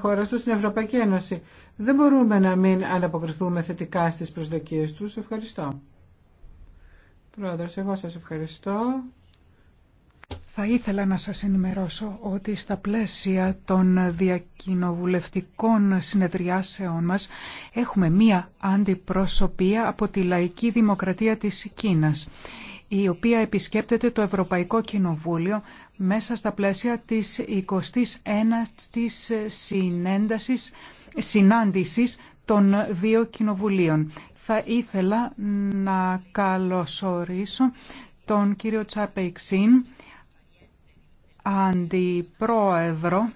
χώρα του στην Ευρωπαϊκή Ένωση. Δεν μπορούμε να μην ανταποκριθούμε θετικά στις προσδοκίες τους. Ευχαριστώ. Πρόεδρος, εγώ σας ευχαριστώ. Θα ήθελα να σας ενημερώσω ότι στα πλαίσια των διακοινοβουλευτικών συνεδριάσεών μας έχουμε μία αντιπροσωπεία από τη Λαϊκή Δημοκρατία της Κίνας η οποία επισκέπτεται το Ευρωπαϊκό Κοινοβούλιο μέσα στα πλαίσια της 21ης συνέντασης, συνάντησης των δύο κοινοβουλίων. Θα ήθελα να καλωσορίσω τον κύριο Τσαπεϊξίν, αντιπρόεδρο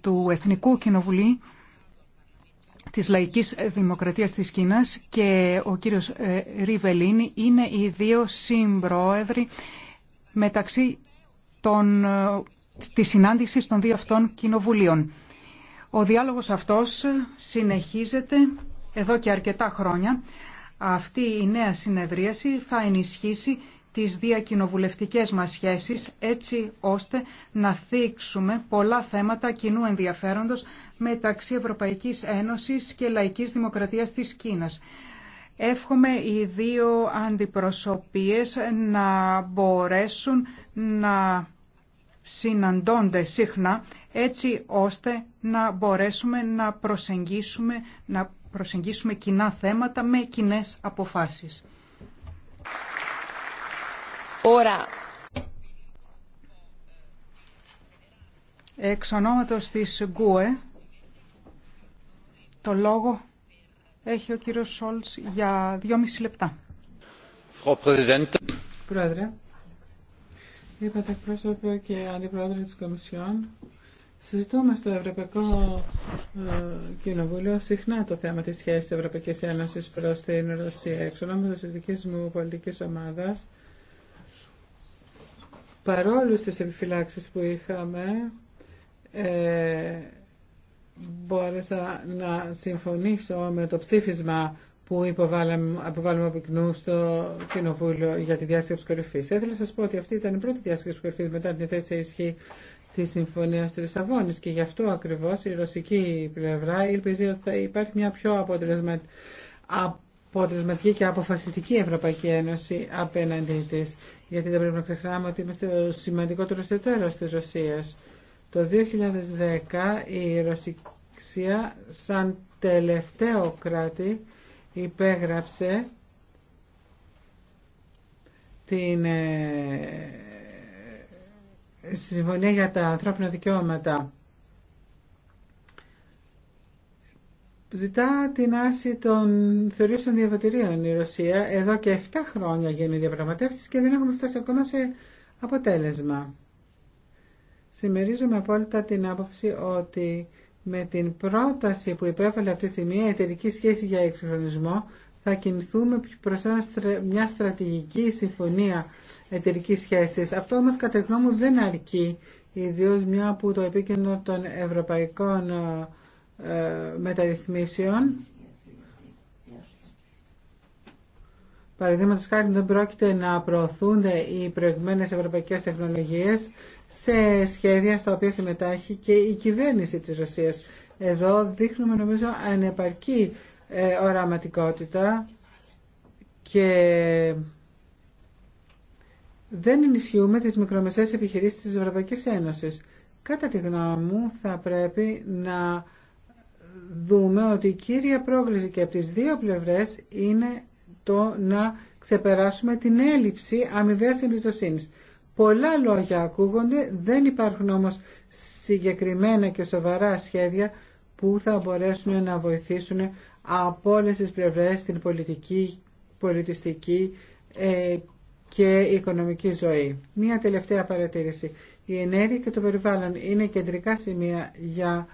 του Εθνικού Κοινοβουλίου της Λαϊκής Δημοκρατίας της Κίνας και ο κύριος ε, Ριβελίνη είναι οι δύο συμπρόεδροι μεταξύ των, ε, της συνάντησης των δύο αυτών κοινοβουλίων. Ο διάλογος αυτός συνεχίζεται εδώ και αρκετά χρόνια. Αυτή η νέα συνεδρίαση θα ενισχύσει τις διακοινοβουλευτικές μας σχέσεις έτσι ώστε να θίξουμε πολλά θέματα κοινού ενδιαφέροντος μεταξύ Ευρωπαϊκής Ένωσης και Λαϊκής Δημοκρατίας της Κίνας. Εύχομαι οι δύο αντιπροσωπείες να μπορέσουν να συναντώνται συχνά έτσι ώστε να μπορέσουμε να προσεγγίσουμε, να προσεγγίσουμε κοινά θέματα με κοινέ αποφάσεις. Ωρα. Εξ ονόματος της το λόγο έχει ο κύριος Σόλτς για δύο μισή λεπτά. Πρόεδρε, είπατε εκπρόσωπο και αντιπρόεδρε της Κομισιόν, συζητούμε στο Ευρωπαϊκό ε, Κοινοβούλιο συχνά το θέμα της σχέσης της Ευρωπαϊκής Ένωσης προς την Ρωσία. Εξ ονόματος της δικής μου πολιτικής ομάδας, παρόλους τις επιφυλάξεις που είχαμε, ε, μπόρεσα να συμφωνήσω με το ψήφισμα που υποβάλαμε, από κοινού στο Κοινοβούλιο για τη διάσκεψη κορυφή. Θα ήθελα να σα πω ότι αυτή ήταν η πρώτη διάσκεψη κορυφή μετά την θέση ισχύ τη Συμφωνία τη Λισαβόνη και γι' αυτό ακριβώ η ρωσική πλευρά ελπίζει ότι θα υπάρχει μια πιο αποτελεσματική και αποφασιστική Ευρωπαϊκή Ένωση απέναντί τη. Γιατί δεν πρέπει να ξεχνάμε ότι είμαστε ο σημαντικότερο εταίρο τη Ρωσία. Το 2010 η Ρωσία σαν τελευταίο κράτη υπέγραψε την ε, Συμφωνία για τα Ανθρώπινα Δικαιώματα. Ζητά την άρση των θεωρήσεων διαβατηρίων η Ρωσία. Εδώ και 7 χρόνια γίνουν διαπραγματεύσεις και δεν έχουμε φτάσει ακόμα σε αποτέλεσμα. Συμμερίζουμε απόλυτα την άποψη ότι με την πρόταση που υπέβαλε αυτή τη στιγμή η εταιρική σχέση για εξυγχρονισμό θα κινηθούμε προς μια στρατηγική συμφωνία εταιρική σχέσης. Αυτό όμως κατά γνώμη μου δεν αρκεί, ιδίω μια που το επίκεντρο των ευρωπαϊκών ε, μεταρρυθμίσεων Παραδείγματο χάρη δεν πρόκειται να προωθούνται οι προηγμένε ευρωπαϊκέ τεχνολογίε σε σχέδια στα οποία συμμετάχει και η κυβέρνηση της Ρωσίας. Εδώ δείχνουμε νομίζω ανεπαρκή ε, οραματικότητα και δεν ενισχύουμε τις μικρομεσαίες επιχειρήσεις της Ευρωπαϊκής Ένωσης. Κατά τη γνώμη μου θα πρέπει να δούμε ότι η κύρια πρόκληση και από τις δύο πλευρές είναι το να ξεπεράσουμε την έλλειψη αμοιβαίας εμπιστοσύνης. Πολλά λόγια ακούγονται, δεν υπάρχουν όμως συγκεκριμένα και σοβαρά σχέδια που θα μπορέσουν να βοηθήσουν από όλες τις πλευρές την πολιτική, πολιτιστική ε, και οικονομική ζωή. Μία τελευταία παρατήρηση. Η ενέργεια και το περιβάλλον είναι κεντρικά σημεία για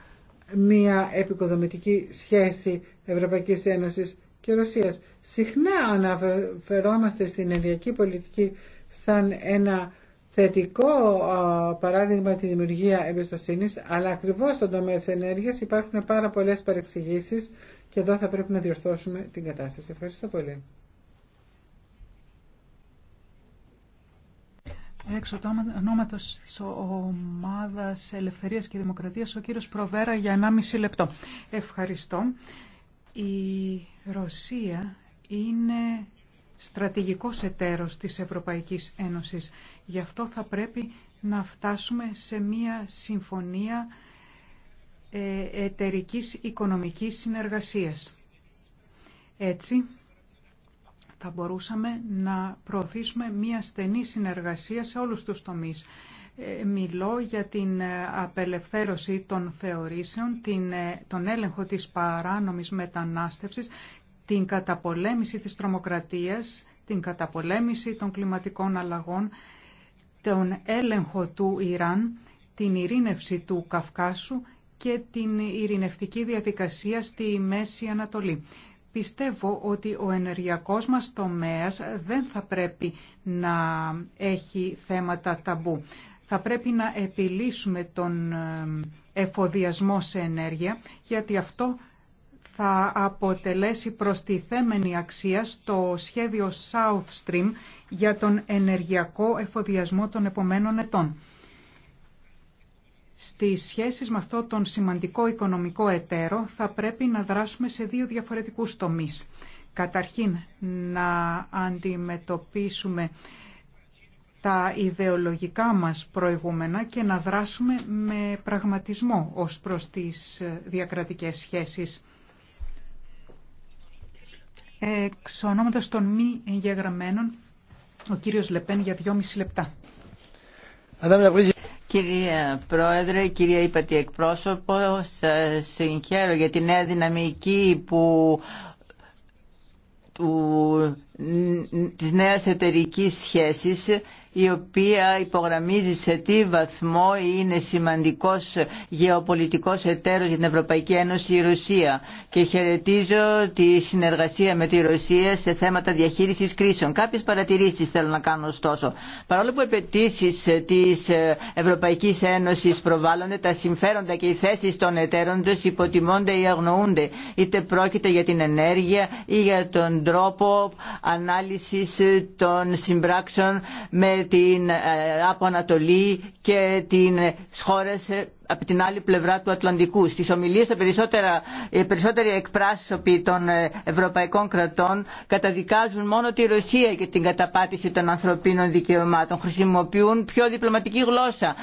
μία επικοδομητική σχέση Ευρωπαϊκής Ένωσης και Ρωσίας. Συχνά αναφερόμαστε στην ενεργειακή πολιτική σαν ένα θετικό παράδειγμα τη δημιουργία εμπιστοσύνη, αλλά ακριβώ στον τομέα τη ενέργεια υπάρχουν πάρα πολλέ παρεξηγήσει και εδώ θα πρέπει να διορθώσουμε την κατάσταση. Ευχαριστώ πολύ. Έξω το ονόματο τη Ομάδα Ελευθερία και Δημοκρατία, ο κύριο Προβέρα, για 1,5 λεπτό. Ευχαριστώ. Η Ρωσία είναι στρατηγικός εταίρος της Ευρωπαϊκής Ένωσης. Γι' αυτό θα πρέπει να φτάσουμε σε μια συμφωνία ε, εταιρικής οικονομικής συνεργασίας. Έτσι, θα μπορούσαμε να προωθήσουμε μια στενή συνεργασία σε όλους τους τομείς. Ε, μιλώ για την ε, απελευθέρωση των θεωρήσεων, την, τον έλεγχο της παράνομης μετανάστευσης την καταπολέμηση της τρομοκρατίας, την καταπολέμηση των κλιματικών αλλαγών, τον έλεγχο του Ιράν, την ειρήνευση του Καυκάσου και την ειρηνευτική διαδικασία στη Μέση Ανατολή. Πιστεύω ότι ο ενεργειακός μας τομέας δεν θα πρέπει να έχει θέματα ταμπού. Θα πρέπει να επιλύσουμε τον εφοδιασμό σε ενέργεια, γιατί αυτό θα αποτελέσει προστιθέμενη αξία στο σχέδιο South Stream για τον ενεργειακό εφοδιασμό των επομένων ετών. Στις σχέσεις με αυτό τον σημαντικό οικονομικό εταίρο θα πρέπει να δράσουμε σε δύο διαφορετικούς τομείς. Καταρχήν να αντιμετωπίσουμε τα ιδεολογικά μας προηγούμενα και να δράσουμε με πραγματισμό ως προς τις διακρατικές σχέσεις. Εξ ονόματος των μη εγγεγραμμένων, ο κύριος Λεπέν για δυόμιση λεπτά. Κυρία Πρόεδρε, κυρία Υπατή Εκπρόσωπο, σας συγχαίρω για τη νέα δυναμική που του, της νέας εταιρικής σχέσης η οποία υπογραμμίζει σε τι βαθμό είναι σημαντικός γεωπολιτικός εταίρος για την Ευρωπαϊκή Ένωση η Ρωσία και χαιρετίζω τη συνεργασία με τη Ρωσία σε θέματα διαχείρισης κρίσεων. Κάποιες παρατηρήσεις θέλω να κάνω ωστόσο. Παρόλο που επαιτήσει της Ευρωπαϊκής Ένωσης προβάλλονται τα συμφέροντα και οι θέσεις των εταίρων τους υποτιμώνται ή αγνοούνται είτε πρόκειται για την ενέργεια ή για τον τρόπο ανάλυσης των συμπράξεων με την ε, από και την χώρες ε, από την άλλη πλευρά του Ατλαντικού. Στις ομιλίες τα περισσότερα, οι περισσότεροι εκπράσωποι των ε, ευρωπαϊκών κρατών καταδικάζουν μόνο τη Ρωσία και την καταπάτηση των ανθρωπίνων δικαιωμάτων. Χρησιμοποιούν πιο διπλωματική γλώσσα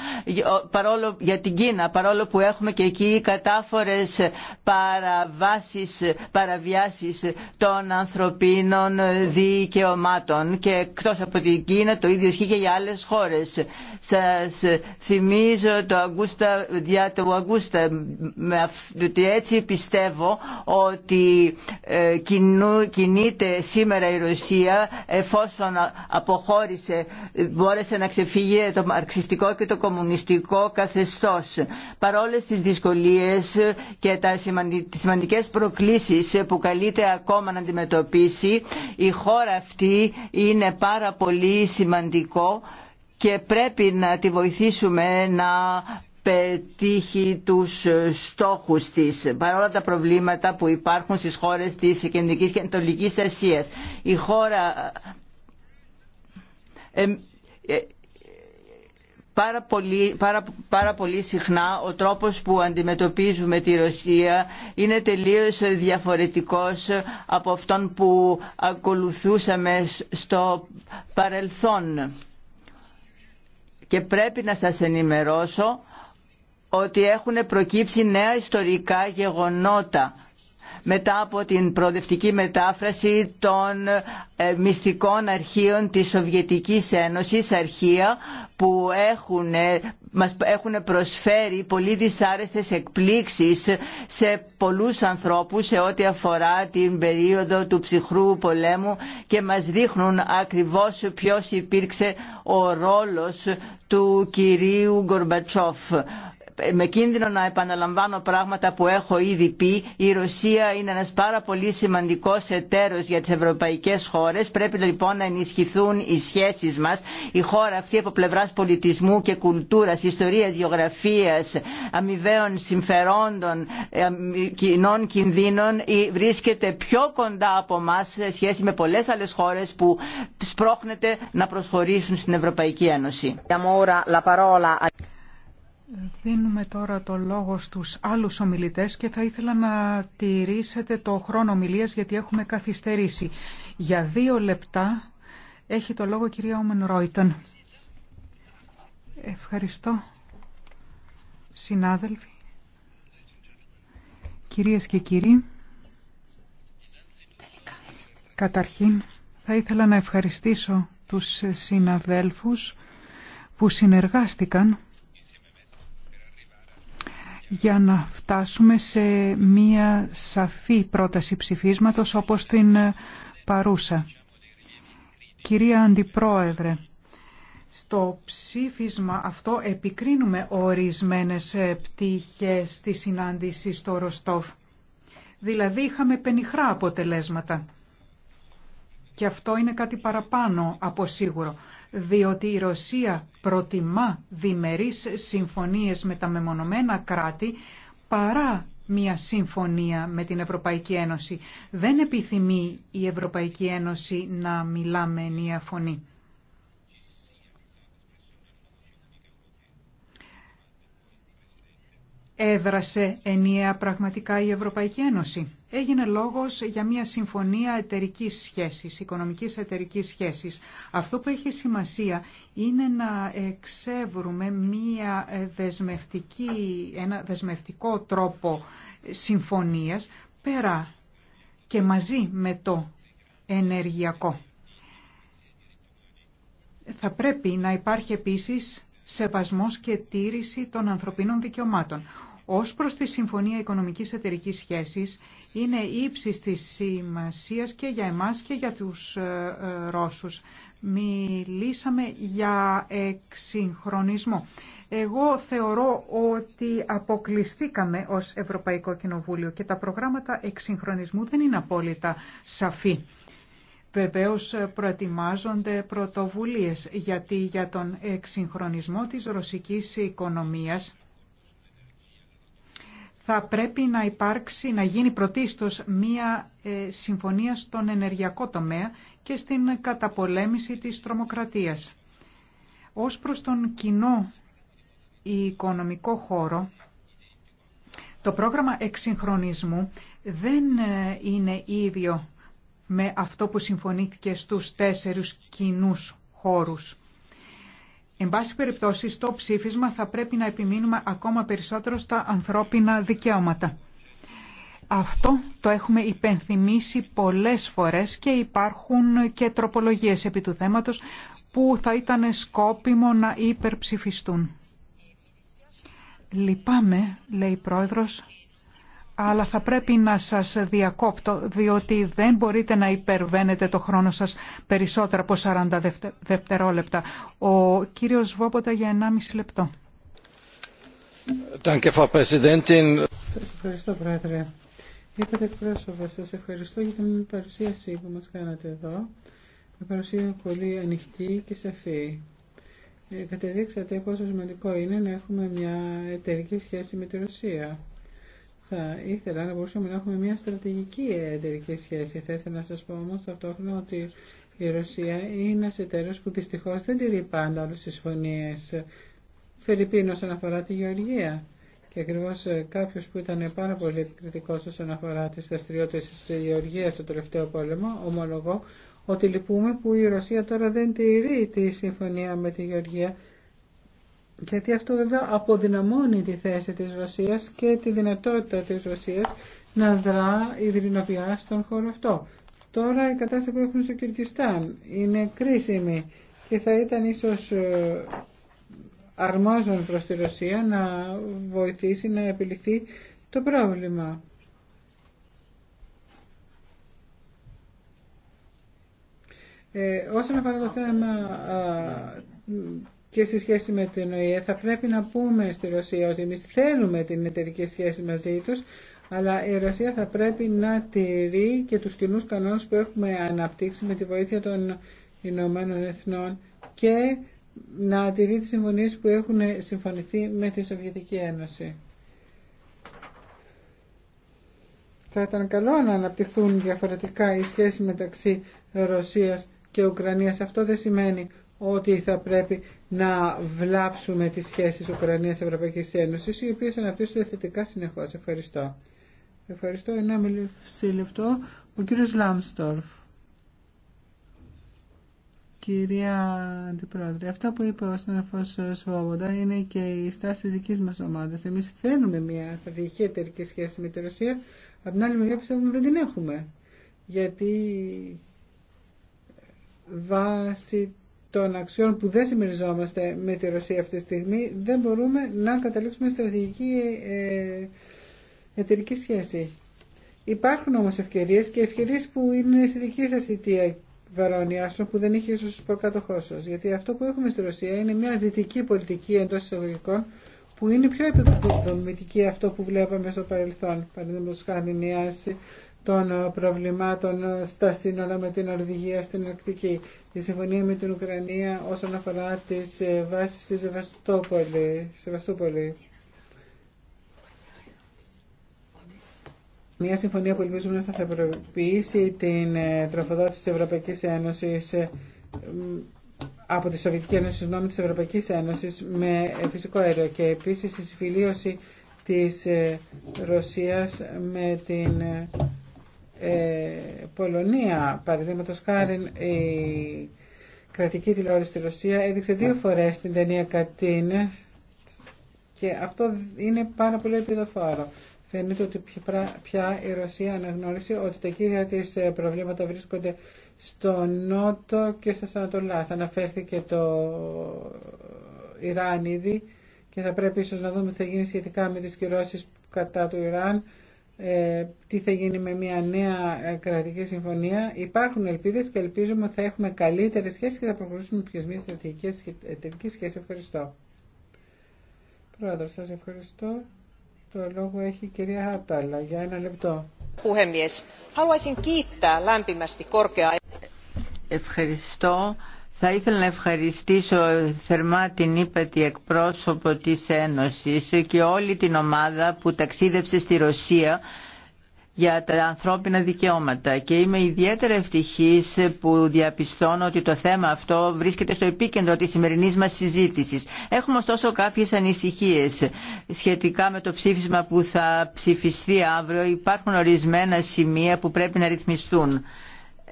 παρόλο, για την Κίνα, παρόλο που έχουμε και εκεί κατάφορες παραβάσεις, παραβιάσεις των ανθρωπίνων δικαιωμάτων. Και εκτός από την Κίνα το ίδιο ισχύει και για άλλες χώρες. Σας θυμίζω το Αγκούστα Διά του Αγκούστα διότι έτσι πιστεύω ότι ε, κινείται σήμερα η Ρωσία εφόσον αποχώρησε ε, μπόρεσε να ξεφύγει το μαρξιστικό και το κομμουνιστικό καθεστώς παρόλες τις δυσκολίες και τα σημαντικές προκλήσεις που καλείται ακόμα να αντιμετωπίσει η χώρα αυτή είναι πάρα πολύ σημαντικό και πρέπει να τη βοηθήσουμε να πετύχει τους στόχους της παρόλα τα προβλήματα που υπάρχουν στις χώρες της Κεντρικής και Ανατολικής Ασίας. Η χώρα ε, ε, πάρα πολύ, πάρα, πολύ συχνά ο τρόπος που αντιμετωπίζουμε τη Ρωσία είναι τελείως διαφορετικός από αυτόν που ακολουθούσαμε στο παρελθόν. Και πρέπει να σας ενημερώσω ότι έχουν προκύψει νέα ιστορικά γεγονότα μετά από την προοδευτική μετάφραση των ε, μυστικών αρχείων της Σοβιετικής Ένωσης, αρχεία που έχουν, ε, μας έχουν προσφέρει πολύ δυσάρεστες εκπλήξεις σε πολλούς ανθρώπους σε ό,τι αφορά την περίοδο του ψυχρού πολέμου και μας δείχνουν ακριβώς ποιος υπήρξε ο ρόλος του κυρίου Γκορμπατσόφ με κίνδυνο να επαναλαμβάνω πράγματα που έχω ήδη πει, η Ρωσία είναι ένας πάρα πολύ σημαντικός εταίρος για τις ευρωπαϊκές χώρες. Πρέπει λοιπόν να ενισχυθούν οι σχέσεις μας. Η χώρα αυτή από πλευράς πολιτισμού και κουλτούρας, ιστορίας, γεωγραφίας, αμοιβαίων συμφερόντων, ε, κοινών κινδύνων ε, βρίσκεται πιο κοντά από εμά σε σχέση με πολλές άλλες χώρες που σπρώχνεται να προσχωρήσουν στην Ευρωπαϊκή Ένωση. Δίνουμε τώρα το λόγο στους άλλους ομιλητές και θα ήθελα να τηρήσετε το χρόνο ομιλίας γιατί έχουμε καθυστερήσει. Για δύο λεπτά έχει το λόγο κυρία Όμεν Ρόιτον. Ευχαριστώ. Συνάδελφοι, κυρίες και κύριοι, καταρχήν θα ήθελα να ευχαριστήσω τους συναδέλφους που συνεργάστηκαν για να φτάσουμε σε μία σαφή πρόταση ψηφίσματος όπως την παρούσα. Κυρία Αντιπρόεδρε, στο ψήφισμα αυτό επικρίνουμε ορισμένες πτυχές της συνάντηση στο Ροστόφ. Δηλαδή είχαμε πενιχρά αποτελέσματα. Και αυτό είναι κάτι παραπάνω από σίγουρο, διότι η Ρωσία προτιμά διμερείς συμφωνίες με τα μεμονωμένα κράτη παρά μια συμφωνία με την Ευρωπαϊκή Ένωση. Δεν επιθυμεί η Ευρωπαϊκή Ένωση να μιλά με ενία φωνή. έδρασε ενιαία πραγματικά η Ευρωπαϊκή Ένωση. Έγινε λόγος για μια συμφωνία εταιρικής σχέσης, οικονομικής εταιρικής σχέσης. Αυτό που έχει σημασία είναι να εξεύρουμε μια δεσμευτική, ένα δεσμευτικό τρόπο συμφωνίας πέρα και μαζί με το ενεργειακό. Θα πρέπει να υπάρχει επίσης σεβασμός και τήρηση των ανθρωπίνων δικαιωμάτων. Ως προς τη Συμφωνία Οικονομικής Εταιρικής Σχέσης είναι ύψης της σημασίας και για εμάς και για τους ε, ε, Ρώσους. Μιλήσαμε για εξυγχρονισμό. Εγώ θεωρώ ότι αποκλειστήκαμε ως Ευρωπαϊκό Κοινοβούλιο και τα προγράμματα εξυγχρονισμού δεν είναι απόλυτα σαφή. Βεβαίως ε, προετοιμάζονται πρωτοβουλίες γιατί για τον εξυγχρονισμό της ρωσικής οικονομίας θα πρέπει να υπάρξει, να γίνει πρωτίστως μία ε, συμφωνία στον ενεργειακό τομέα και στην καταπολέμηση της τρομοκρατίας. Ως προς τον κοινό οικονομικό χώρο, το πρόγραμμα εξυγχρονισμού δεν ε, είναι ίδιο με αυτό που συμφωνήθηκε στους τέσσερους κοινούς χώρους. Εν πάση περιπτώσει, στο ψήφισμα θα πρέπει να επιμείνουμε ακόμα περισσότερο στα ανθρώπινα δικαιώματα. Αυτό το έχουμε υπενθυμίσει πολλές φορές και υπάρχουν και τροπολογίες επί του θέματος που θα ήταν σκόπιμο να υπερψηφιστούν. Λυπάμαι, λέει η Πρόεδρος, αλλά θα πρέπει να σας διακόπτω, διότι δεν μπορείτε να υπερβαίνετε το χρόνο σας περισσότερο από 40 δευτερόλεπτα. Ο κύριος βόποτα για 1,5 λεπτό. Σας ευχαριστώ, Πρόεδρε. Είπατε εκπρόσωπα, σας ευχαριστώ για την παρουσίαση που μας κάνατε εδώ. Με παρουσία πολύ ανοιχτή και σαφή. Ε, κατεδείξατε πόσο σημαντικό είναι να έχουμε μια εταιρική σχέση με τη Ρωσία θα ήθελα να μπορούσαμε να έχουμε μια στρατηγική εταιρική σχέση. Θα ήθελα να σας πω όμως ταυτόχρονα ότι η Ρωσία είναι ένας εταίρος που δυστυχώς δεν τηρεί πάντα όλες τις συμφωνίες. όσον αφορά τη Γεωργία. Και ακριβώ κάποιο που ήταν πάρα πολύ επικριτικό όσον αφορά τι δραστηριότητε τη Γεωργία στο τελευταίο πόλεμο, ομολογώ ότι λυπούμε που η Ρωσία τώρα δεν τηρεί τη συμφωνία με τη Γεωργία γιατί αυτό βέβαια αποδυναμώνει τη θέση της Ρωσίας και τη δυνατότητα της Ρωσίας να δρά ειρηνοποιά στον χώρο αυτό. Τώρα η κατάσταση που έχουν στο Κυρκιστάν είναι κρίσιμη και θα ήταν ίσως ε, αρμόζων προς τη Ρωσία να βοηθήσει να επιληθεί το πρόβλημα. Ε, όσον αφορά το θέμα και σε σχέση με την ΟΗΕ θα πρέπει να πούμε στη Ρωσία ότι εμεί θέλουμε την εταιρική σχέση μαζί τους αλλά η Ρωσία θα πρέπει να τηρεί και τους κοινούς κανόνες που έχουμε αναπτύξει με τη βοήθεια των Ηνωμένων Εθνών και να τηρεί τις συμφωνίες που έχουν συμφωνηθεί με τη Σοβιετική Ένωση. Θα ήταν καλό να αναπτυχθούν διαφορετικά οι σχέσεις μεταξύ Ρωσίας και Ουκρανίας. Αυτό δεν σημαίνει ότι θα πρέπει να βλάψουμε τις σχέσεις Ουκρανίας-Ευρωπαϊκής Ένωσης, οι οποίες αναπτύσσονται θετικά συνεχώς. Ευχαριστώ. Ευχαριστώ. Ένα λεπτό. Ο κύριος Λάμστορφ. Κυρία Αντιπρόεδρε, αυτά που είπε ο συνάδελφος Σβόβοντα είναι και η στάση της δικής μας ομάδας. Εμείς θέλουμε μια σταδιακή εταιρική σχέση με τη Ρωσία, από την άλλη μεριά πιστεύουμε δεν την έχουμε. Γιατί βάσει των αξιών που δεν συμμεριζόμαστε με τη Ρωσία αυτή τη στιγμή, δεν μπορούμε να καταλήξουμε στρατηγική ε, εταιρική σχέση. Υπάρχουν όμως ευκαιρίες και ευκαιρίες που είναι στη δική σας θητεία Βαρόνια, που δεν έχει ίσως προκατοχό σα. Γιατί αυτό που έχουμε στη Ρωσία είναι μια δυτική πολιτική εντό εισαγωγικών που είναι πιο επιδομητική αυτό που βλέπαμε στο παρελθόν. Παραδείγματο χάρη των προβλημάτων στα σύνορα με την Ορβηγία στην Αρκτική η συμφωνία με την Ουκρανία όσον αφορά τις ε, βάσεις της Σεβαστούπολη. Μια συμφωνία που ελπίζουμε να σταθεροποιήσει την ε, τροφοδότηση της Ευρωπαϊκής Ένωσης ε, από τη Σοβιετική Ένωση, συγγνώμη, της Ευρωπαϊκής Ένωσης με φυσικό αέριο και επίσης τη συμφιλίωση της Ρωσίας με την ε, Πολωνία, παραδείγματο χάρη η κρατική τηλεόραση στη Ρωσία έδειξε δύο φορές την ταινία Κατίνε και αυτό είναι πάρα πολύ επιδοφόρο. Φαίνεται ότι πια η Ρωσία αναγνώρισε ότι τα κύρια της ε, προβλήματα βρίσκονται στο Νότο και στα Ανατολά. Αναφέρθηκε το Ιράν ήδη και θα πρέπει ίσως να δούμε τι θα γίνει σχετικά με τις κυρώσεις κατά του Ιράν ε, τι θα γίνει με μια νέα ε, κρατική συμφωνία. Υπάρχουν ελπίδες και ελπίζουμε ότι θα έχουμε καλύτερες σχέσεις και θα προχωρήσουμε πιο μια στρατηγική ε, εταιρική σχέση. Ευχαριστώ. Πρόεδρο, σας ευχαριστώ. Το λόγο έχει η κυρία Χατάλα για ένα λεπτό. Ευχαριστώ. Θα ήθελα να ευχαριστήσω θερμά την ύπατη εκπρόσωπο της Ένωσης και όλη την ομάδα που ταξίδευσε στη Ρωσία για τα ανθρώπινα δικαιώματα και είμαι ιδιαίτερα ευτυχής που διαπιστώνω ότι το θέμα αυτό βρίσκεται στο επίκεντρο της σημερινής μας συζήτησης. Έχουμε ωστόσο κάποιες ανησυχίες σχετικά με το ψήφισμα που θα ψηφιστεί αύριο. Υπάρχουν ορισμένα σημεία που πρέπει να ρυθμιστούν.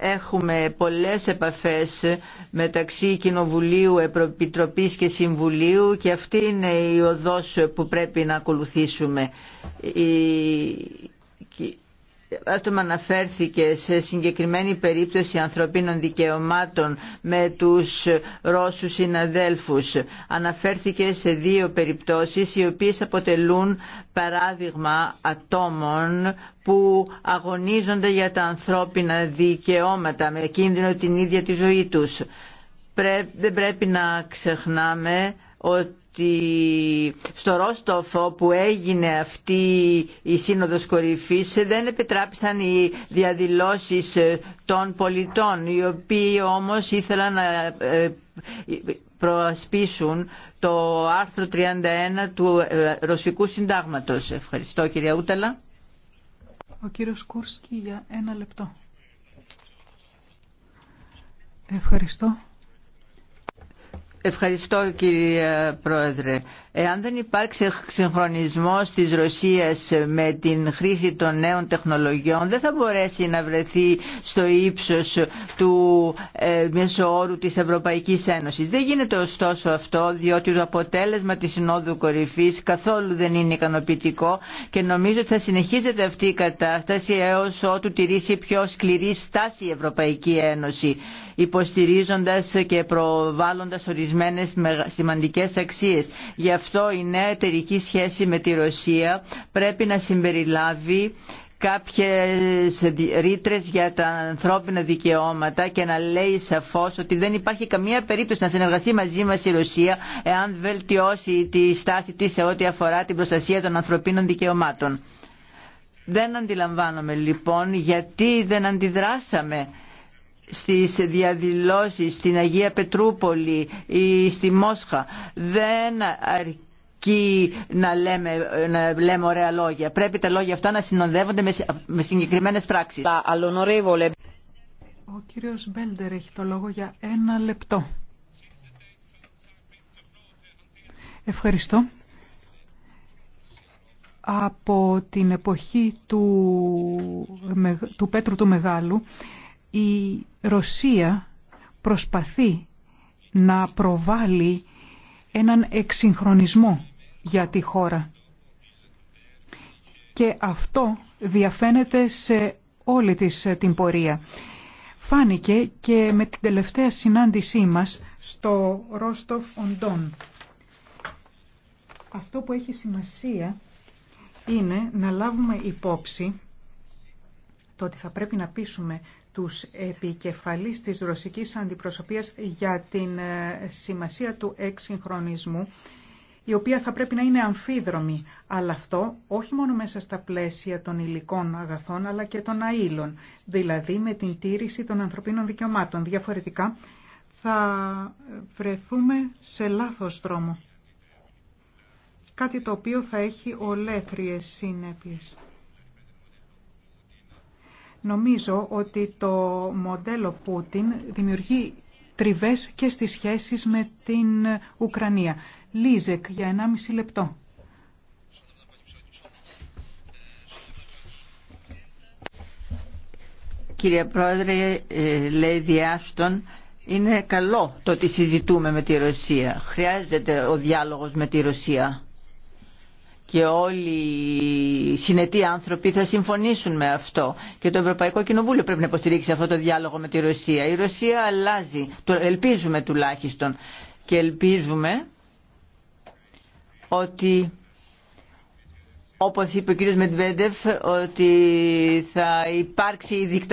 Έχουμε πολλές επαφές μεταξύ Κοινοβουλίου, Επιτροπής και Συμβουλίου και αυτή είναι η οδός που πρέπει να ακολουθήσουμε άτομα αναφέρθηκε σε συγκεκριμένη περίπτωση ανθρωπίνων δικαιωμάτων με τους Ρώσους συναδέλφους. Αναφέρθηκε σε δύο περιπτώσεις οι οποίες αποτελούν παράδειγμα ατόμων που αγωνίζονται για τα ανθρώπινα δικαιώματα με κίνδυνο την ίδια τη ζωή τους. Δεν πρέπει να ξεχνάμε ότι στο Ρόστοφ που έγινε αυτή η σύνοδος κορυφής δεν επιτράπησαν οι διαδηλώσεις ε, των πολιτών οι οποίοι όμως ήθελαν να ε, προασπίσουν το άρθρο 31 του ε, Ρωσικού Συντάγματος. Ευχαριστώ κυρία Ούτελα. Ο κύριος Κούρσκι για ένα λεπτό. Ευχαριστώ Ευχαριστώ κύριε Πρόεδρε. Εάν δεν υπάρξει συγχρονισμός της Ρωσίας με την χρήση των νέων τεχνολογιών δεν θα μπορέσει να βρεθεί στο ύψος του ε, μεσοόρου της Ευρωπαϊκής Ένωσης. Δεν γίνεται ωστόσο αυτό διότι το αποτέλεσμα της Συνόδου Κορυφής καθόλου δεν είναι ικανοποιητικό και νομίζω ότι θα συνεχίζεται αυτή η κατάσταση έως ότου τηρήσει πιο σκληρή στάση η Ευρωπαϊκή Ένωση υποστηρίζοντας και προβάλλοντας ορισμένες σημαντικές αξίες. Γι' αυτό η νέα εταιρική σχέση με τη Ρωσία πρέπει να συμπεριλάβει κάποιες ρήτρε για τα ανθρώπινα δικαιώματα και να λέει σαφώς ότι δεν υπάρχει καμία περίπτωση να συνεργαστεί μαζί μας η Ρωσία εάν βελτιώσει τη στάση της σε ό,τι αφορά την προστασία των ανθρωπίνων δικαιωμάτων. Δεν αντιλαμβάνομαι λοιπόν γιατί δεν αντιδράσαμε στις διαδηλώσεις στην Αγία Πετρούπολη ή στη Μόσχα δεν αρκεί να λέμε, να λέμε ωραία λόγια. Πρέπει τα λόγια αυτά να συνοδεύονται με συγκεκριμένες πράξεις. Ο κύριος Μπέλντερ έχει το λόγο για ένα λεπτό. Ευχαριστώ. Από την εποχή του, του Πέτρου του Μεγάλου η Ρωσία προσπαθεί να προβάλλει έναν εξυγχρονισμό για τη χώρα. Και αυτό διαφαίνεται σε όλη της ε, την πορεία. Φάνηκε και με την τελευταία συνάντησή μας στο Ρόστοφ Οντών. Αυτό που έχει σημασία είναι να λάβουμε υπόψη το ότι θα πρέπει να πείσουμε τους επικεφαλής της ρωσικής αντιπροσωπείας για την ε, σημασία του εξυγχρονισμού, η οποία θα πρέπει να είναι αμφίδρομη, αλλά αυτό όχι μόνο μέσα στα πλαίσια των υλικών αγαθών, αλλά και των αήλων, δηλαδή με την τήρηση των ανθρωπίνων δικαιωμάτων. Διαφορετικά θα βρεθούμε σε λάθος δρόμο, κάτι το οποίο θα έχει ολέθριες συνέπειες. Νομίζω ότι το μοντέλο Πούτιν δημιουργεί τριβές και στις σχέσεις με την Ουκρανία. Λίζεκ για 1,5 λεπτό. Κύριε Πρόεδρε, ε, λέει Διάστον, είναι καλό το ότι συζητούμε με τη Ρωσία. Χρειάζεται ο διάλογος με τη Ρωσία και όλοι οι συνετοί άνθρωποι θα συμφωνήσουν με αυτό. Και το Ευρωπαϊκό Κοινοβούλιο πρέπει να υποστηρίξει αυτό το διάλογο με τη Ρωσία. Η Ρωσία αλλάζει, το ελπίζουμε τουλάχιστον. Και ελπίζουμε ότι όπως είπε ο κύριος Μετβέντεφ ότι θα υπάρξει η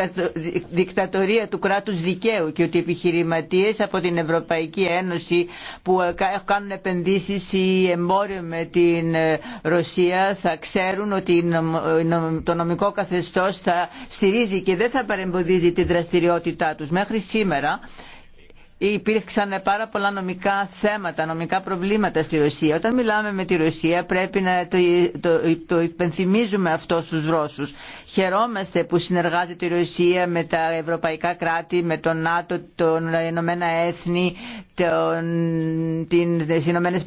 δικτατορία του κράτους δικαίου και ότι οι επιχειρηματίες από την Ευρωπαϊκή Ένωση που κάνουν επενδύσεις ή εμπόριο με την ε, Ρωσία θα ξέρουν ότι ε, το νομικό καθεστώς θα στηρίζει και δεν θα παρεμποδίζει τη δραστηριότητά τους. Μέχρι σήμερα υπήρξαν πάρα πολλά νομικά θέματα, νομικά προβλήματα στη Ρωσία. Όταν μιλάμε με τη Ρωσία πρέπει να το, το, το υπενθυμίζουμε αυτό στους Ρώσους. Χαιρόμαστε που συνεργάζεται η Ρωσία με τα ευρωπαϊκά κράτη, με τον ΝΑΤΟ, τον Ηνωμένα Έθνη, τον, την, τις Ηνωμένες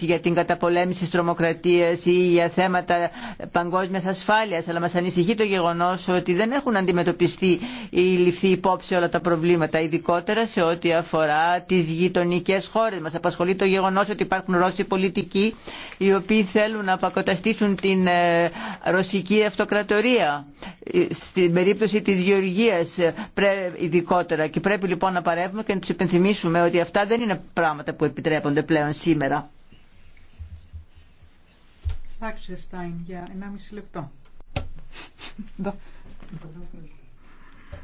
για την καταπολέμηση της τρομοκρατίας ή για θέματα παγκόσμιας ασφάλειας. Αλλά μας ανησυχεί το γεγονός ότι δεν έχουν αντιμετωπιστεί ή ληφθεί υπόψη όλα τα προβλήματα, ειδικότερα σε ό,τι αφορά τι γειτονικέ χώρες. Μας απασχολεί το γεγονός ότι υπάρχουν Ρώσοι πολιτικοί οι οποίοι θέλουν να αποκαταστήσουν την ε, ρωσική αυτοκρατορία. Ε, στην περίπτωση της Γεωργίας ε, ειδικότερα και πρέπει λοιπόν να παρεύουμε και να του υπενθυμίσουμε ότι αυτά δεν είναι πράγματα που επιτρέπονται πλέον σήμερα.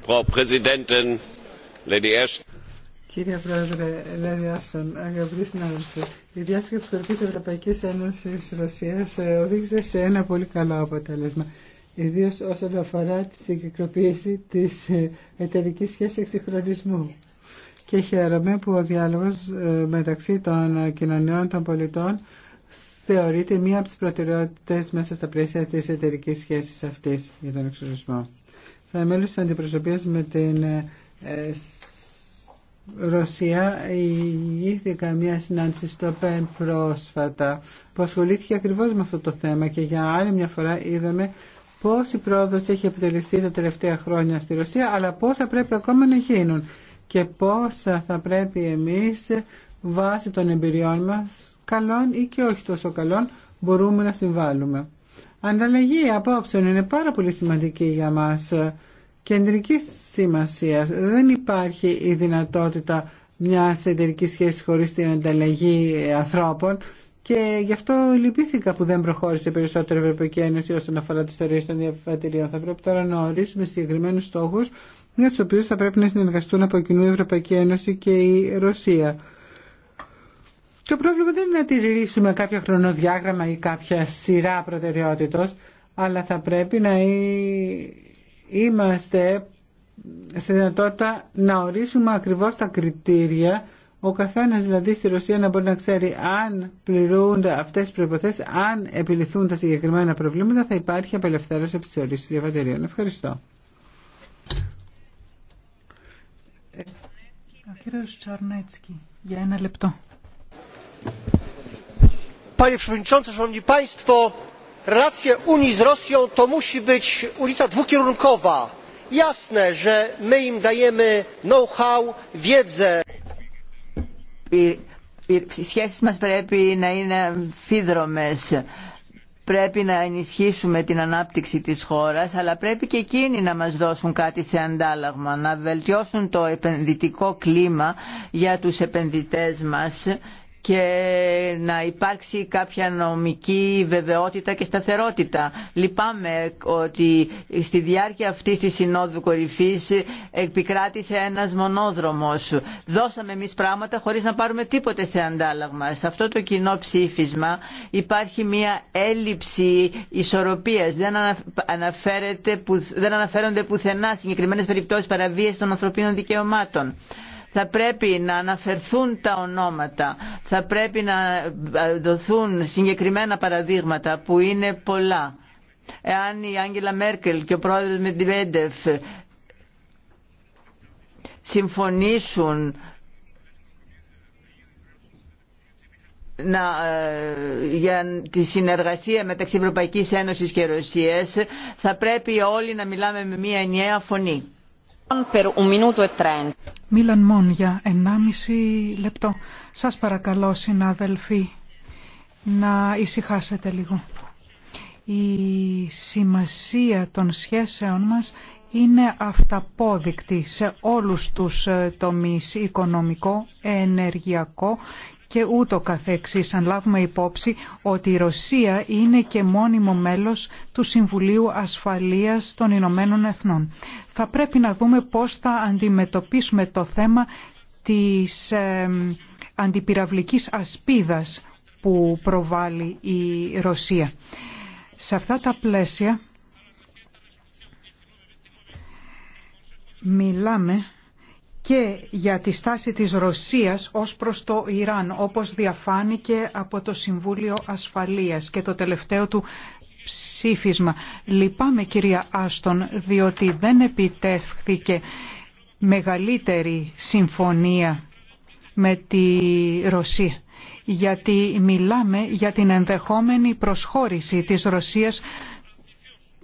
Frau Präsidentin, Lady Ashton. Κύριε Πρόεδρε, Λέδη Άσον, αγαπητοί συνάδελφοι, η διάσκεψη τη Ευρωπαϊκή Ένωση Ρωσία ε, οδήγησε σε ένα πολύ καλό αποτέλεσμα. Ιδίω όσον αφορά τη συγκεκριποίηση τη ε, εταιρική σχέση εξυγχρονισμού. Και χαίρομαι που ο διάλογο ε, μεταξύ των κοινωνιών των πολιτών θεωρείται μία από τι προτεραιότητε μέσα στα πλαίσια τη εταιρική σχέση αυτή για τον εξορισμό. Θα μέλο τη αντιπροσωπεία με την Ρωσία ηγήθηκα μια συνάντηση στο ΠΕΝ πρόσφατα που ασχολήθηκε ακριβώς με αυτό το θέμα και για άλλη μια φορά είδαμε η πρόοδος έχει επιτελεστεί τα τελευταία χρόνια στη Ρωσία αλλά πόσα πρέπει ακόμα να γίνουν και πόσα θα πρέπει εμείς βάσει των εμπειριών μας καλών ή και όχι τόσο καλών μπορούμε να συμβάλλουμε. Ανταλλαγή απόψεων είναι πάρα πολύ σημαντική για μας Κεντρική σημασία. Δεν υπάρχει η δυνατότητα μια εταιρική σχέση χωρί την ανταλλαγή ανθρώπων και γι' αυτό λυπήθηκα που δεν προχώρησε περισσότερο η Ευρωπαϊκή Ένωση όσον αφορά τι θεωρίε των διαφατηριών. Θα πρέπει τώρα να ορίσουμε συγκεκριμένου στόχου για του οποίου θα πρέπει να συνεργαστούν από κοινού η Ευρωπαϊκή Ένωση και η Ρωσία. Το πρόβλημα δεν είναι να τηρήσουμε κάποιο χρονοδιάγραμμα ή κάποια σειρά προτεραιότητος, αλλά θα πρέπει να είμαστε στη δυνατότητα να ορίσουμε ακριβώς τα κριτήρια ο καθένας δηλαδή στη Ρωσία να μπορεί να ξέρει αν πληρούνται αυτές οι προϋποθέσεις, αν επιληθούν τα συγκεκριμένα προβλήματα θα υπάρχει απελευθέρωση από τις ορίσεις διαβατηρίων. Ευχαριστώ. Ο κύριος Τσαρνέτσκι, για ένα λεπτό relacje unii z to musi być μας πρέπει να είναι φίδρομες. Πρέπει να ενισχύσουμε την ανάπτυξη της χώρας, αλλά πρέπει και εκείνοι να μας δώσουν κάτι σε αντάλλαγμα, να βελτιώσουν το επενδυτικό κλίμα για τους επενδυτές μας και να υπάρξει κάποια νομική βεβαιότητα και σταθερότητα. Λυπάμαι ότι στη διάρκεια αυτής της Συνόδου Κορυφής επικράτησε ένας μονόδρομος. Δώσαμε εμείς πράγματα χωρίς να πάρουμε τίποτε σε αντάλλαγμα. Σε αυτό το κοινό ψήφισμα υπάρχει μια έλλειψη ισορροπίας. Δεν, αναφέρεται, δεν αναφέρονται πουθενά συγκεκριμένες περιπτώσεις παραβίαση των ανθρωπίνων δικαιωμάτων θα πρέπει να αναφερθούν τα ονόματα, θα πρέπει να ε, δοθούν συγκεκριμένα παραδείγματα που είναι πολλά. Εάν η Άγγελα Μέρκελ και ο πρόεδρος Μεντιβέντεφ συμφωνήσουν ε, για τη συνεργασία μεταξύ Ευρωπαϊκής Ένωσης και Ρωσίας θα πρέπει όλοι να μιλάμε με μια ενιαία φωνή. Μίλαν μόνο e για 1,5 λεπτό. Σας παρακαλώ συνάδελφοι να ησυχάσετε λίγο. Η σημασία των σχέσεων μας είναι αυταπόδεικτη σε όλους τους τομείς οικονομικό, ενεργειακό και ούτω καθεξής, αν λάβουμε υπόψη ότι η Ρωσία είναι και μόνιμο μέλος του Συμβουλίου Ασφαλείας των Ηνωμένων Εθνών. Θα πρέπει να δούμε πώς θα αντιμετωπίσουμε το θέμα της αντιπυραυλικής ασπίδας που προβάλλει η Ρωσία. Σε αυτά τα πλαίσια μιλάμε και για τη στάση της Ρωσίας ως προς το Ιράν, όπως διαφάνηκε από το Συμβούλιο Ασφαλείας και το τελευταίο του ψήφισμα. Λυπάμαι κυρία Άστον, διότι δεν επιτεύχθηκε μεγαλύτερη συμφωνία με τη Ρωσία, γιατί μιλάμε για την ενδεχόμενη προσχώρηση της Ρωσίας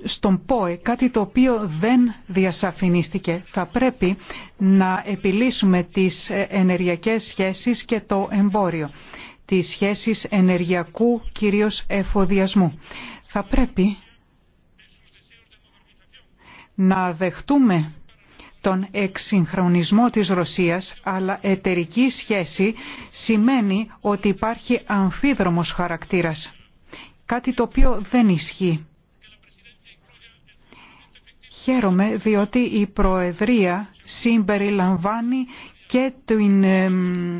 στον ΠΟΕ, κάτι το οποίο δεν διασαφηνίστηκε. Θα πρέπει να επιλύσουμε τις ε, ενεργειακές σχέσεις και το εμπόριο, τις σχέσεις ενεργειακού κυρίως εφοδιασμού. Θα πρέπει να δεχτούμε τον εξυγχρονισμό της Ρωσίας, αλλά εταιρική σχέση σημαίνει ότι υπάρχει αμφίδρομος χαρακτήρας. Κάτι το οποίο δεν ισχύει Χαίρομαι διότι η Προεδρία συμπεριλαμβάνει και την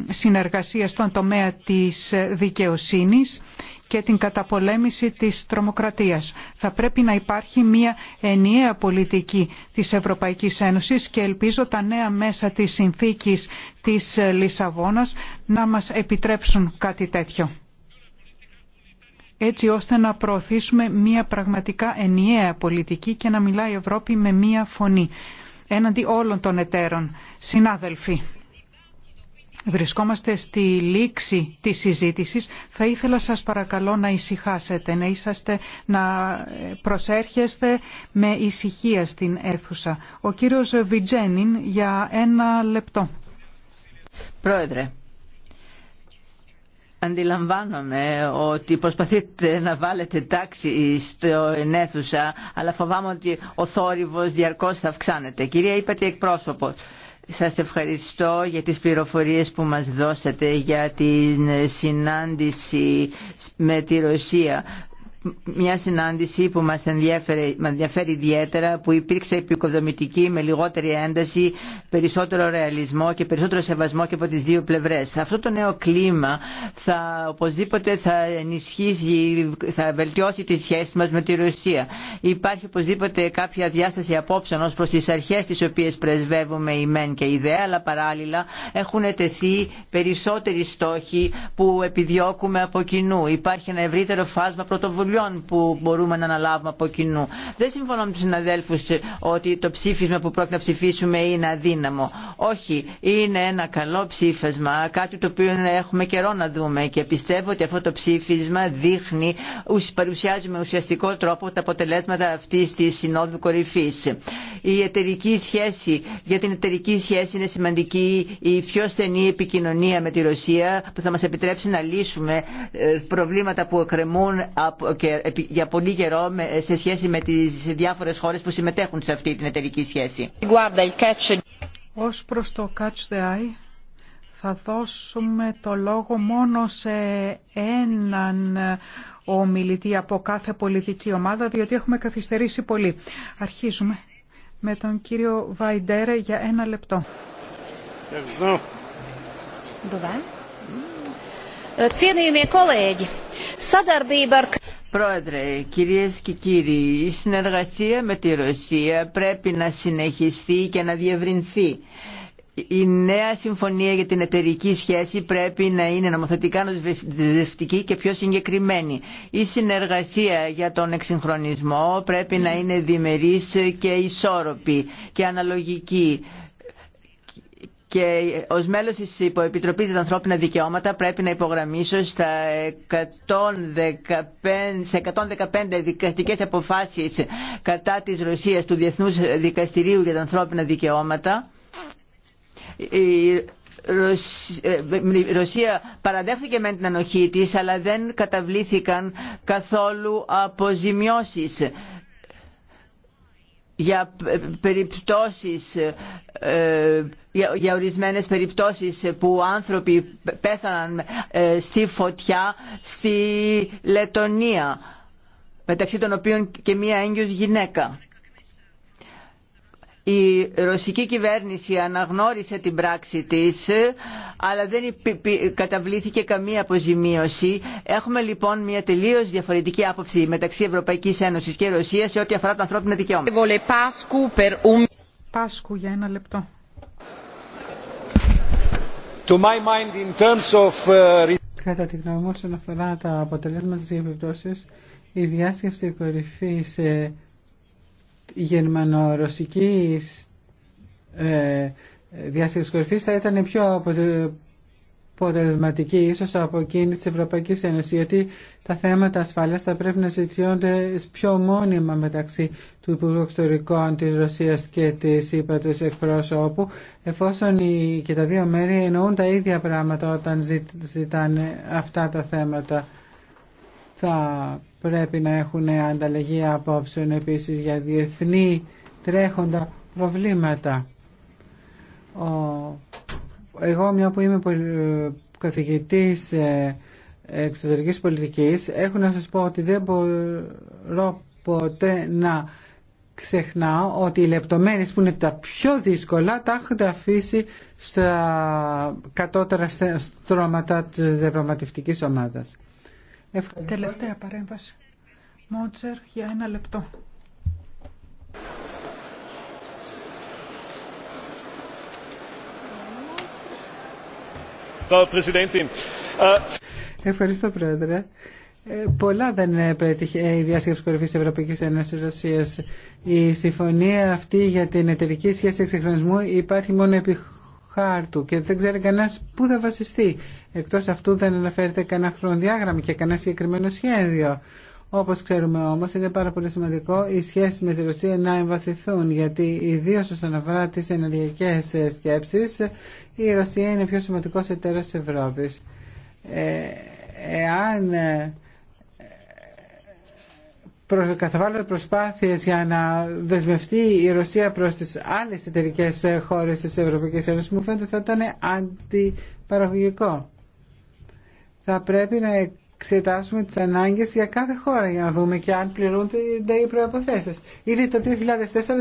συνεργασία στον τομέα της δικαιοσύνης και την καταπολέμηση της τρομοκρατίας. Θα πρέπει να υπάρχει μια ενιαία πολιτική της Ευρωπαϊκής Ένωσης και ελπίζω τα νέα μέσα της συνθήκης της Λισαβόνας να μας επιτρέψουν κάτι τέτοιο έτσι ώστε να προωθήσουμε μια πραγματικά ενιαία πολιτική και να μιλάει η Ευρώπη με μια φωνή έναντι όλων των εταίρων. Συνάδελφοι, βρισκόμαστε στη λήξη της συζήτησης. Θα ήθελα σας παρακαλώ να ησυχάσετε, να, είσαστε, να προσέρχεστε με ησυχία στην αίθουσα. Ο κύριος Βιτζένιν για ένα λεπτό. Πρόεδρε, Αντιλαμβάνομαι ότι προσπαθείτε να βάλετε τάξη στο ενέθουσα, αλλά φοβάμαι ότι ο θόρυβος διαρκώς θα αυξάνεται. Κυρία, είπατε εκπρόσωπο. Σας ευχαριστώ για τις πληροφορίες που μας δώσατε για την συνάντηση με τη Ρωσία μια συνάντηση που μας ενδιαφέρει, μας ενδιαφέρει ιδιαίτερα που υπήρξε επικοδομητική με λιγότερη ένταση, περισσότερο ρεαλισμό και περισσότερο σεβασμό και από τις δύο πλευρές. Αυτό το νέο κλίμα θα οπωσδήποτε θα ενισχύσει, θα βελτιώσει τις σχέσεις μας με τη Ρωσία. Υπάρχει οπωσδήποτε κάποια διάσταση απόψεων ως προς τις αρχές τις οποίες πρεσβεύουμε η ΜΕΝ και η ΔΕΑ, αλλά παράλληλα έχουν τεθεί περισσότεροι στόχοι που επιδιώκουμε από κοινού. Υπάρχει ένα ευρύτερο φάσμα που μπορούμε να αναλάβουμε από κοινού. Δεν συμφωνώ με του συναδέλφου ότι το ψήφισμα που πρόκειται να ψηφίσουμε είναι αδύναμο. Όχι, είναι ένα καλό ψήφισμα, κάτι το οποίο έχουμε καιρό να δούμε και πιστεύω ότι αυτό το ψήφισμα δείχνει, παρουσιάζει με ουσιαστικό τρόπο τα αποτελέσματα αυτή τη Συνόδου Κορυφή. Η εταιρική σχέση, για την εταιρική σχέση είναι σημαντική η πιο στενή επικοινωνία με τη Ρωσία που θα μας επιτρέψει να λύσουμε ε, προβλήματα που εκκρεμούν για πολύ καιρό σε σχέση με τις διάφορες χώρες που συμμετέχουν σε αυτή την εταιρική σχέση. Ως προς το Catch the Eye θα δώσουμε το λόγο μόνο σε έναν ομιλητή από κάθε πολιτική ομάδα διότι έχουμε καθυστερήσει πολύ. Αρχίζουμε με τον κύριο Βαϊντέρε για ένα λεπτό. sadarbība Πρόεδρε, κυρίες και κύριοι, η συνεργασία με τη Ρωσία πρέπει να συνεχιστεί και να διευρυνθεί. Η νέα συμφωνία για την εταιρική σχέση πρέπει να είναι νομοθετικά νοσβευτική και πιο συγκεκριμένη. Η συνεργασία για τον εξυγχρονισμό πρέπει να είναι διμερής και ισόρροπη και αναλογική και ω μέλο τη Υποεπιτροπή για τα Ανθρώπινα Δικαιώματα πρέπει να υπογραμμίσω στα 115, σε 115 δικαστικέ αποφάσει κατά τη Ρωσία του Διεθνού Δικαστηρίου για τα Ανθρώπινα Δικαιώματα. Η ε, Ρωσία παραδέχθηκε με την ανοχή της αλλά δεν καταβλήθηκαν καθόλου αποζημιώσεις για περιπτώσεις ε, για ορισμένες περιπτώσεις που άνθρωποι πέθαναν ε, στη φωτιά στη Λετωνία μεταξύ των οποίων και μία έγκυος γυναίκα η ρωσική κυβέρνηση αναγνώρισε την πράξη της αλλά δεν καταβλήθηκε καμία αποζημίωση. Έχουμε λοιπόν μια τελείως διαφορετική άποψη μεταξύ Ευρωπαϊκής Ένωσης και Ρωσίας σε ό,τι αφορά τα ανθρώπινα δικαιώματα. Πάσκου για ένα λεπτό. To my mind, in terms of... Uh, Κατά τη γνώμη μου, όσον αφορά τα αποτελέσματα της διαπιπτώσεως, η διάσκεψη κορυφής ε, γερμανο-ρωσική ε, κορυφή θα ήταν πιο αποτελεσματική ίσως από εκείνη της Ευρωπαϊκής Ένωσης γιατί τα θέματα ασφάλειας θα πρέπει να συζητιούνται πιο μόνιμα μεταξύ του Υπουργού Εξωτερικών της Ρωσίας και της ΕΕ εφόσον οι, και τα δύο μέρη εννοούν τα ίδια πράγματα όταν ζητάνε αυτά τα θέματα θα πρέπει να έχουν ανταλλαγή απόψεων επίσης για διεθνή τρέχοντα προβλήματα. Εγώ μια που είμαι καθηγητής ε, εξωτερικής πολιτικής έχω να σας πω ότι δεν μπορώ ποτέ να ξεχνάω ότι οι λεπτομέρειες που είναι τα πιο δύσκολα τα έχετε αφήσει στα κατώτερα στρώματα της διαπραγματευτικής ομάδας. Ευχαριστώ. Τελευταία παρέμβαση. Μότσερ για ένα λεπτό. Äh, Ευχαριστώ, Πρόεδρε. Ε, πολλά δεν πέτυχε η διάσκεψη κορυφή τη Ευρωπαϊκή Ένωση Ρωσία. Η συμφωνία αυτή για την εταιρική σχέση εξυγχρονισμού υπάρχει μόνο επί χάρτου και δεν ξέρει κανένα πού θα βασιστεί. Εκτός αυτού δεν αναφέρεται κανένα χρονοδιάγραμμα και κανένα συγκεκριμένο σχέδιο. Όπως ξέρουμε όμως είναι πάρα πολύ σημαντικό οι σχέσεις με τη Ρωσία να εμβαθυνθούν γιατί ιδίω όσον αφορά τι ενεργειακέ σκέψει, η Ρωσία είναι πιο σημαντικό εταίρο τη Ευρώπη. Ε, εάν καταβάλουν προσπάθειες για να δεσμευτεί η Ρωσία προς τις άλλες εταιρικέ ε, χώρες της Ευρωπαϊκής Ένωσης μου φαίνεται θα ήταν αντιπαραγωγικό. Θα πρέπει να εξετάσουμε τις ανάγκες για κάθε χώρα για να δούμε και αν πληρούνται οι προϋποθέσεις. Ήδη το 2004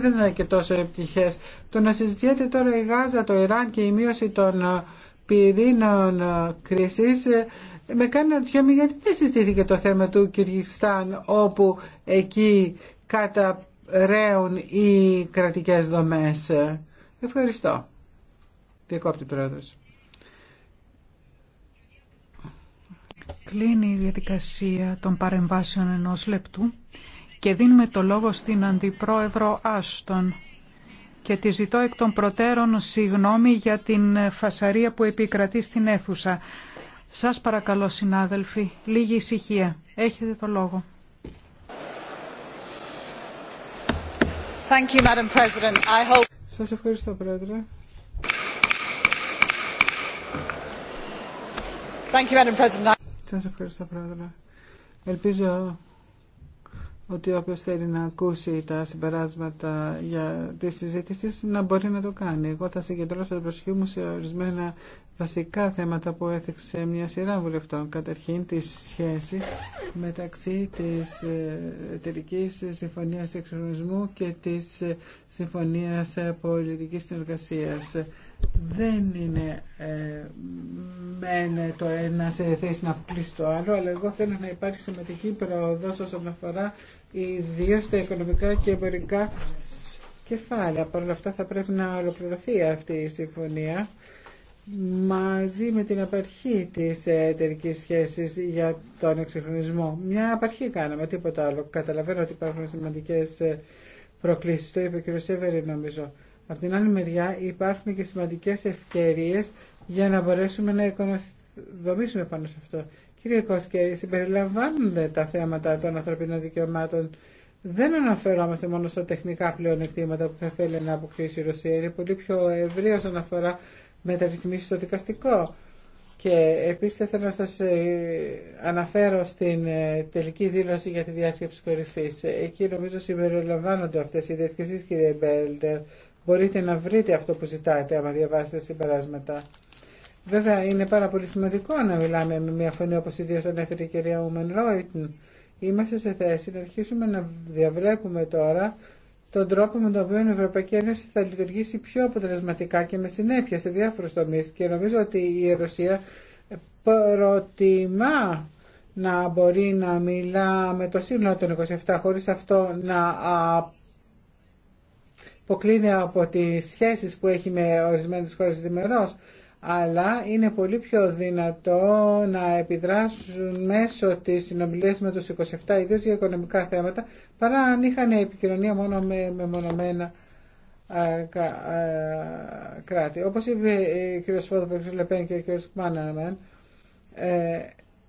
δεν ήταν και τόσο επιτυχές. Το να συζητιέται τώρα η Γάζα, το Ιράν και η μείωση των ε, πυρήνων ε, κρίσης με κάνει να ρωτιόμαι γιατί δεν συζητήθηκε το θέμα του Κυργιστάν όπου εκεί καταραίουν οι κρατικές δομές. Ευχαριστώ. Διακόπτη πρόεδρος. Κλείνει η διαδικασία των παρεμβάσεων ενός λεπτού και δίνουμε το λόγο στην Αντιπρόεδρο Άστον και τη ζητώ εκ των προτέρων συγγνώμη για την φασαρία που επικρατεί στην αίθουσα. Σας παρακαλώ συνάδελφοι, λίγη ησυχία. Έχετε το λόγο. Thank you, Madam President. I hope... Σας ευχαριστώ, Πρόεδρε. Thank you, Madam President. Σας ευχαριστώ, Πρόεδρε. Ελπίζω ότι όποιος θέλει να ακούσει τα συμπεράσματα για τη συζήτηση να μπορεί να το κάνει. Εγώ θα συγκεντρώσω την προσοχή μου σε ορισμένα βασικά θέματα που έθεξε μια σειρά βουλευτών. Καταρχήν τη σχέση μεταξύ της ε, εταιρικής συμφωνίας εξορισμού και της ε, συμφωνίας ε, πολιτικής συνεργασίας δεν είναι ε, μεν το ένα σε θέση να αποκλείσει το άλλο, αλλά εγώ θέλω να υπάρχει σημαντική προοδό όσον αφορά ιδίω τα οικονομικά και εμπορικά κεφάλαια. Παρ' όλα αυτά θα πρέπει να ολοκληρωθεί αυτή η συμφωνία μαζί με την απαρχή της εταιρική σχέσης για τον εξυγχρονισμό. Μια απαρχή κάναμε, τίποτα άλλο. Καταλαβαίνω ότι υπάρχουν σημαντικές προκλήσεις, το είπε ο κ. Σεβερή νομίζω. Από την άλλη μεριά υπάρχουν και σημαντικές ευκαιρίες για να μπορέσουμε να οικοδομήσουμε πάνω σε αυτό. Κύριε Κόσκερη, συμπεριλαμβάνονται τα θέματα των ανθρωπίνων δικαιωμάτων. Δεν αναφερόμαστε μόνο στα τεχνικά πλεονεκτήματα που θα θέλει να αποκτήσει η Ρωσία. Είναι πολύ πιο ευρύ όσον αφορά μεταρρυθμίσει στο δικαστικό. Και επίσης θα ήθελα να σας ε, αναφέρω στην ε, τελική δήλωση για τη διάσκεψη κορυφής. Εκεί νομίζω συμπεριλαμβάνονται αυτές οι ιδέες και κύριε Μπέλτερ μπορείτε να βρείτε αυτό που ζητάτε άμα διαβάσετε συμπεράσματα. Βέβαια είναι πάρα πολύ σημαντικό να μιλάμε με μια φωνή όπως ιδίως ανέφερε η κυρία Ουμεν Ρόιτν. Είμαστε σε θέση να αρχίσουμε να διαβλέπουμε τώρα τον τρόπο με τον οποίο η Ευρωπαϊκή Ένωση θα λειτουργήσει πιο αποτελεσματικά και με συνέπεια σε διάφορους τομείς και νομίζω ότι η Ρωσία προτιμά να μπορεί να μιλά με το σύνολο των 27 χωρίς αυτό να αποκλίνει από τις σχέσεις που έχει με ορισμένες χώρες διμερώς, αλλά είναι πολύ πιο δυνατό να επιδράσουν μέσω της συνομιλίας με τους 27, ιδίως για οικονομικά θέματα, παρά αν είχαν επικοινωνία μόνο με μεμονωμένα κράτη. Όπως είπε ο κ. κ. Λεπέν και ο κ. Μάναμεν, ε,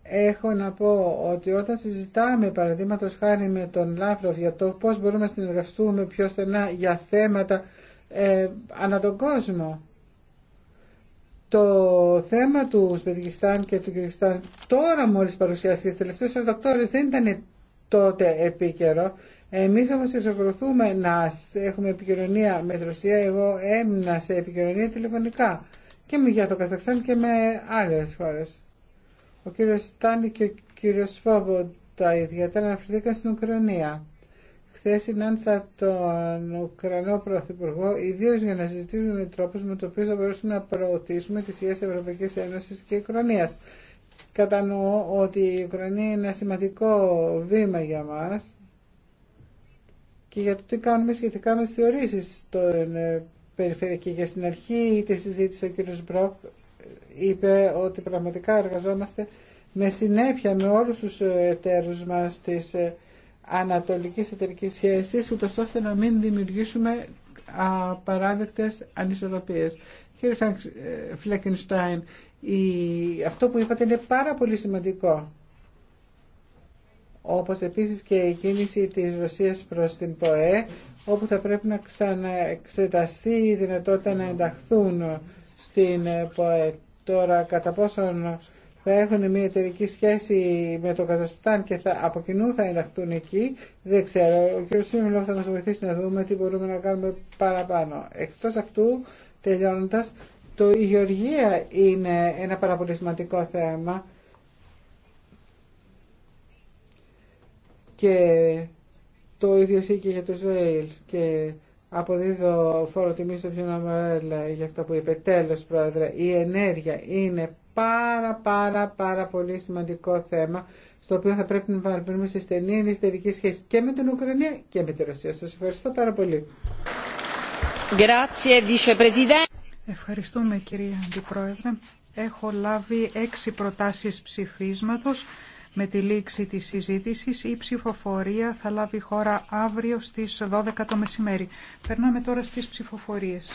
έχω να πω ότι όταν συζητάμε παραδείγματο χάρη με τον Λάβρο για το πώς μπορούμε να συνεργαστούμε πιο στενά για θέματα ε, ανά τον κόσμο το θέμα του Ουσβετικιστάν και του Κυριστάν τώρα μόλις παρουσιάστηκε στις τελευταίες 48 ώρες δεν ήταν τότε επίκαιρο εμείς όμως εξακολουθούμε να έχουμε επικοινωνία με τη Ρωσία εγώ έμεινα σε επικοινωνία τηλεφωνικά και για το Καζακστάν και με άλλες χώρες ο κύριος Στάνη και ο κύριος τα ιδιαίτερα αναφερθήκαν στην Ουκρανία. Χθε συνάντησα τον Ουκρανό Πρωθυπουργό, ιδίω για να συζητήσουμε τρόπου με του οποίου θα μπορούσαμε να προωθήσουμε τι σχέσει Ευρωπαϊκή Ένωση και Ουκρανία. Κατανοώ ότι η Ουκρανία είναι ένα σημαντικό βήμα για μα και για το τι κάνουμε σχετικά με τι θεωρήσει στην ε, περιφερειακή. Για στην αρχή είτε συζήτησε ο κ. Μπροκ είπε ότι πραγματικά εργαζόμαστε με συνέπεια με όλους τους εταίρους μας της ε, ανατολικής εταιρικής σχέσης, ούτως ώστε να μην δημιουργήσουμε απαράδεκτες ανισορροπίες. Κύριε ε, Φλέκενστάιν, αυτό που είπατε είναι πάρα πολύ σημαντικό. Όπως επίσης και η κίνηση της Ρωσίας προς την ΠΟΕ, όπου θα πρέπει να ξαναεξεταστεί η δυνατότητα να ενταχθούν στην ε, ΠΟΕ. Τώρα, κατά πόσον θα έχουν μια εταιρική σχέση με το Καζαστάν και θα, από κοινού θα ενταχθούν εκεί, δεν ξέρω. Ο κ. Σύμβουλο θα μα βοηθήσει να δούμε τι μπορούμε να κάνουμε παραπάνω. Εκτό αυτού, τελειώνοντα, το η γεωργία είναι ένα πάρα πολύ σημαντικό θέμα. Και το ίδιο ισχύει και για το Ισραήλ. Και αποδίδω φόρο τιμή στο πιο για αυτό που είπε. Τέλος πρόεδρε, η ενέργεια είναι πάρα πάρα πάρα πολύ σημαντικό θέμα στο οποίο θα πρέπει να παραμείνουμε σε στενή ενεστερική σχέση και με την Ουκρανία και με τη Ρωσία. Σας ευχαριστώ πάρα πολύ. Ευχαριστούμε κυρία Αντιπρόεδρε. Έχω λάβει έξι προτάσεις ψηφίσματος. Με τη λήξη της συζήτησης η ψηφοφορία θα λάβει χώρα αύριο στις 12 το μεσημέρι. Περνάμε τώρα στις ψηφοφορίες.